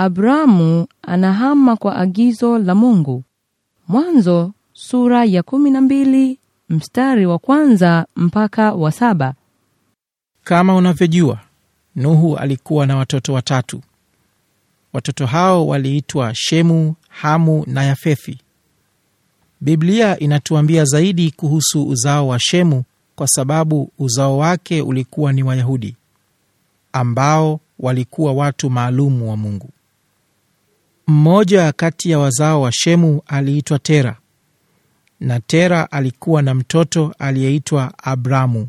Abrahamu anahama kwa agizo la Mungu. Mwanzo sura ya kumi na mbili mstari wa kwanza mpaka wa saba. Kama unavyojua, Nuhu alikuwa na watoto watatu. Watoto hao waliitwa Shemu, Hamu na Yafethi. Biblia inatuambia zaidi kuhusu uzao wa Shemu kwa sababu uzao wake ulikuwa ni Wayahudi ambao walikuwa watu maalumu wa Mungu. Mmoja kati ya wazao wa Shemu aliitwa Tera, na Tera alikuwa na mtoto aliyeitwa Abramu.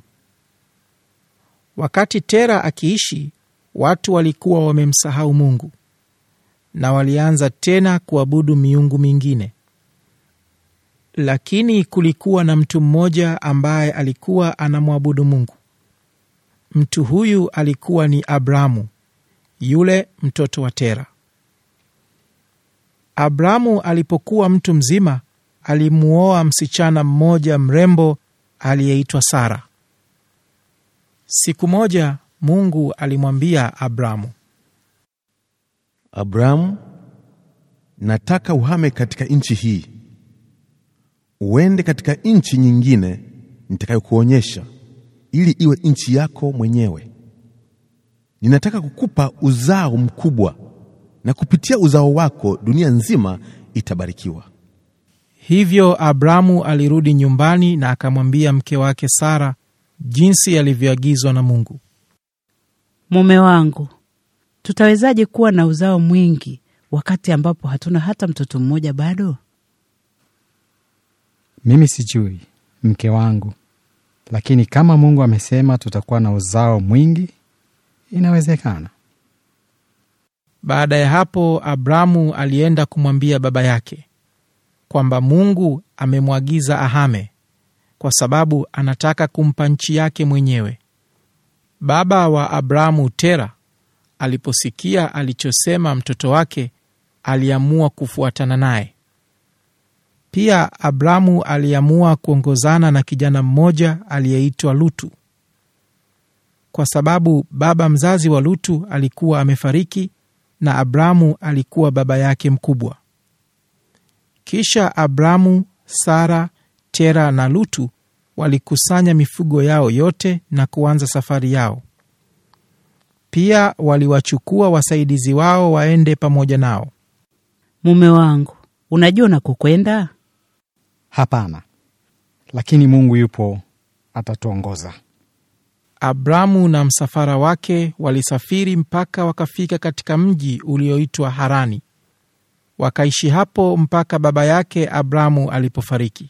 Wakati Tera akiishi, watu walikuwa wamemsahau Mungu na walianza tena kuabudu miungu mingine. Lakini kulikuwa na mtu mmoja ambaye alikuwa anamwabudu Mungu. Mtu huyu alikuwa ni Abramu, yule mtoto wa Tera. Abrahamu alipokuwa mtu mzima alimuoa msichana mmoja mrembo aliyeitwa Sara. Siku moja Mungu alimwambia Abrahamu, Abrahamu, nataka uhame katika nchi hii uende katika nchi nyingine nitakayokuonyesha, ili iwe nchi yako mwenyewe. Ninataka kukupa uzao mkubwa na kupitia uzao wako dunia nzima itabarikiwa. Hivyo abrahamu alirudi nyumbani na akamwambia mke wake Sara jinsi alivyoagizwa na Mungu. Mume wangu, tutawezaje kuwa na uzao mwingi wakati ambapo hatuna hata mtoto mmoja bado? Mimi sijui mke wangu, lakini kama Mungu amesema tutakuwa na uzao mwingi, inawezekana. Baada ya hapo, Abramu alienda kumwambia baba yake kwamba Mungu amemwagiza ahame kwa sababu anataka kumpa nchi yake mwenyewe. Baba wa Abramu, Tera, aliposikia alichosema mtoto wake, aliamua kufuatana naye. Pia Abramu aliamua kuongozana na kijana mmoja aliyeitwa Lutu. Kwa sababu baba mzazi wa Lutu alikuwa amefariki, na Abramu alikuwa baba yake mkubwa. Kisha Abramu, Sara, Tera na Lutu walikusanya mifugo yao yote na kuanza safari yao. Pia waliwachukua wasaidizi wao waende pamoja nao. Mume wangu, unajua unakokwenda? Hapana, lakini Mungu yupo, atatuongoza. Abramu na msafara wake walisafiri mpaka wakafika katika mji ulioitwa Harani. Wakaishi hapo mpaka baba yake Abramu alipofariki.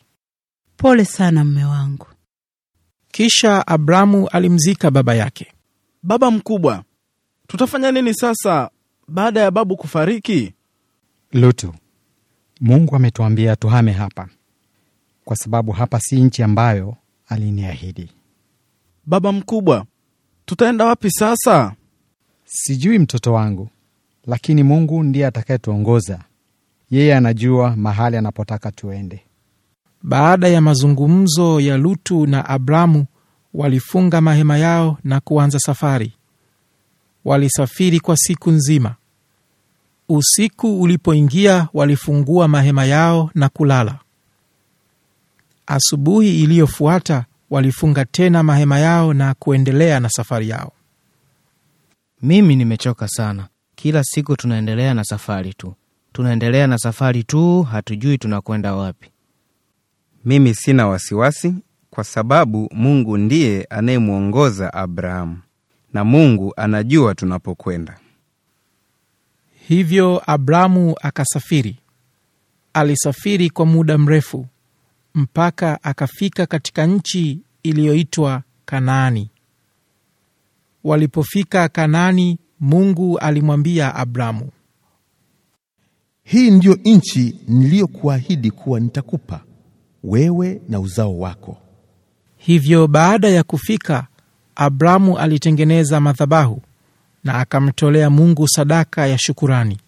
Pole sana mme wangu. Kisha Abramu alimzika baba yake. Baba mkubwa, tutafanya nini sasa baada ya babu kufariki? Lutu, Mungu ametuambia tuhame hapa, kwa sababu hapa si nchi ambayo aliniahidi baba mkubwa, tutaenda wapi sasa? Sijui mtoto wangu, lakini Mungu ndiye atakayetuongoza. Yeye anajua mahali anapotaka tuende. Baada ya mazungumzo ya Lutu na Abramu, walifunga mahema yao na kuanza safari. Walisafiri kwa siku nzima. Usiku ulipoingia, walifungua mahema yao na kulala. Asubuhi iliyofuata walifunga tena mahema yao na kuendelea na safari yao. Mimi nimechoka sana. Kila siku tunaendelea na safari tu, tunaendelea na safari tu, hatujui tunakwenda wapi. Mimi sina wasiwasi kwa sababu Mungu ndiye anayemwongoza Abrahamu na Mungu anajua tunapokwenda. Hivyo Abrahamu akasafiri. Alisafiri kwa muda mrefu mpaka akafika katika nchi iliyoitwa Kanaani. Walipofika Kanaani, Mungu alimwambia Abramu, hii ndiyo nchi niliyokuahidi kuwa nitakupa wewe na uzao wako. Hivyo baada ya kufika, Abramu alitengeneza madhabahu na akamtolea Mungu sadaka ya shukurani.